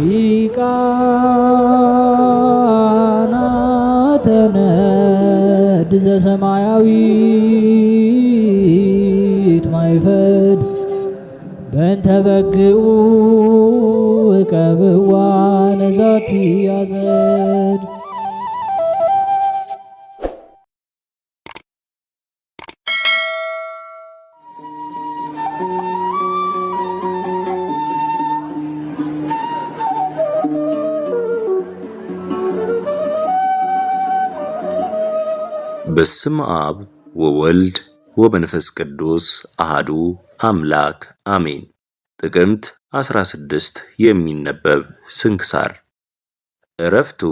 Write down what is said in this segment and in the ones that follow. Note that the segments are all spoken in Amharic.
ሊቃና ተነድ ዘሰማያዊት ማይፈድ በእንተ በግኡ እቀብዋ ነዛቲ ያዘ በስም አብ ወወልድ ወመንፈስ ቅዱስ አህዱ አምላክ አሜን። ጥቅምት 16 የሚነበብ ስንክሳር። እረፍቱ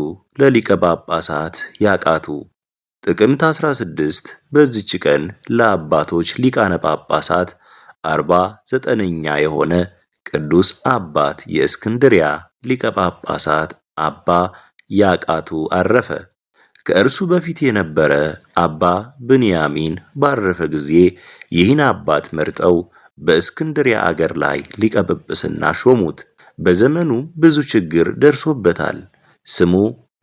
ለሊቀ ጳጳሳት ያቃቱ። ጥቅምት 16 በዚች ቀን ለአባቶች ሊቃነ ጳጳሳት አርባ ዘጠነኛ የሆነ ቅዱስ አባት የእስክንድሪያ ሊቀ ጳጳሳት አባ ያቃቱ አረፈ። ከእርሱ በፊት የነበረ አባ ብንያሚን ባረፈ ጊዜ ይህን አባት መርጠው በእስክንድርያ አገር ላይ ሊቀ ጵጵስና ሾሙት። በዘመኑ ብዙ ችግር ደርሶበታል። ስሙ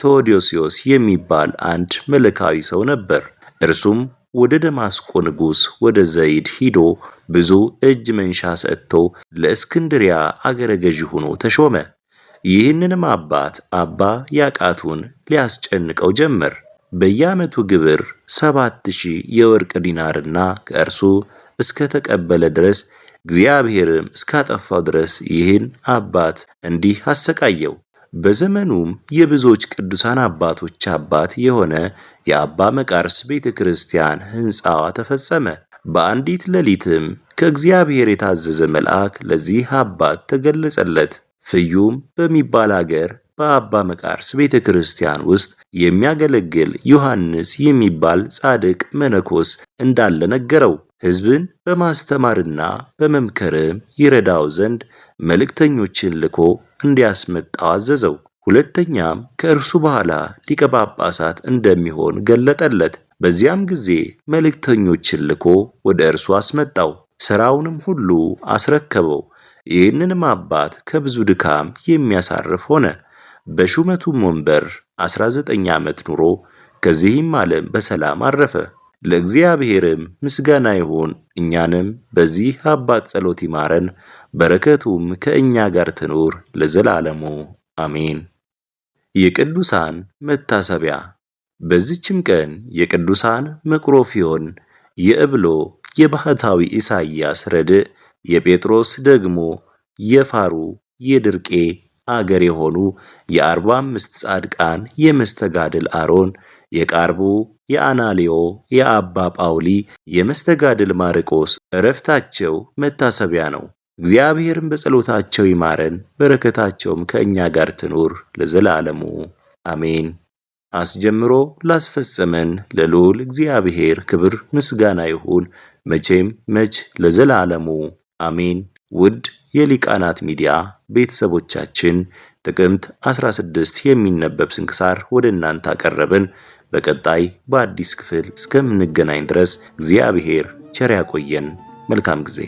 ቴዎዶስዮስ የሚባል አንድ መልካዊ ሰው ነበር። እርሱም ወደ ደማስቆ ንጉሥ ወደ ዘይድ ሂዶ ብዙ እጅ መንሻ ሰጥቶ ለእስክንድሪያ አገረ ገዢ ሆኖ ተሾመ። ይህንንም አባት አባ ያቃቱን ሊያስጨንቀው ጀመር። በየዓመቱ ግብር ሰባት ሺህ የወርቅ ዲናርና ከእርሱ እስከ ተቀበለ ድረስ እግዚአብሔርም እስካጠፋው ድረስ ይህን አባት እንዲህ አሰቃየው። በዘመኑም የብዙዎች ቅዱሳን አባቶች አባት የሆነ የአባ መቃርስ ቤተ ክርስቲያን ሕንፃዋ ተፈጸመ። በአንዲት ሌሊትም ከእግዚአብሔር የታዘዘ መልአክ ለዚህ አባት ተገለጸለት። ፍዩም በሚባል አገር በአባ መቃርስ ቤተ ክርስቲያን ውስጥ የሚያገለግል ዮሐንስ የሚባል ጻድቅ መነኮስ እንዳለ ነገረው። ሕዝብን በማስተማርና በመምከርም ይረዳው ዘንድ መልእክተኞችን ልኮ እንዲያስመጣው አዘዘው። ሁለተኛም ከእርሱ በኋላ ሊቀ ጳጳሳት እንደሚሆን ገለጠለት። በዚያም ጊዜ መልእክተኞችን ልኮ ወደ እርሱ አስመጣው፣ ሥራውንም ሁሉ አስረከበው። ይህንንም አባት ከብዙ ድካም የሚያሳርፍ ሆነ። በሹመቱም ወንበር 19 ዓመት ኑሮ ከዚህም ዓለም በሰላም አረፈ። ለእግዚአብሔርም ምስጋና ይሁን። እኛንም በዚህ አባት ጸሎት ይማረን፣ በረከቱም ከእኛ ጋር ትኑር ለዘላለሙ አሜን። የቅዱሳን መታሰቢያ። በዚችም ቀን የቅዱሳን መቅሮፊዮን፣ የእብሎ፣ የባህታዊ ኢሳይያስ ረድእ የጴጥሮስ ደግሞ የፋሩ የድርቄ አገር የሆኑ የአርባ አምስት ጻድቃን የመስተጋድል አሮን የቃርቡ የአናሊዮ የአባ ጳውሊ የመስተጋድል ማርቆስ እረፍታቸው መታሰቢያ ነው። እግዚአብሔርን በጸሎታቸው ይማረን፣ በረከታቸውም ከእኛ ጋር ትኑር ለዘላለሙ አሜን። አስጀምሮ ላስፈጸመን ለልዑል እግዚአብሔር ክብር ምስጋና ይሁን መቼም መች ለዘላለሙ አሜን። ውድ የሊቃናት ሚዲያ ቤተሰቦቻችን ጥቅምት 16 የሚነበብ ስንክሳር ወደ እናንተ አቀረብን። በቀጣይ በአዲስ ክፍል እስከምንገናኝ ድረስ እግዚአብሔር ቸር ያቆየን። መልካም ጊዜ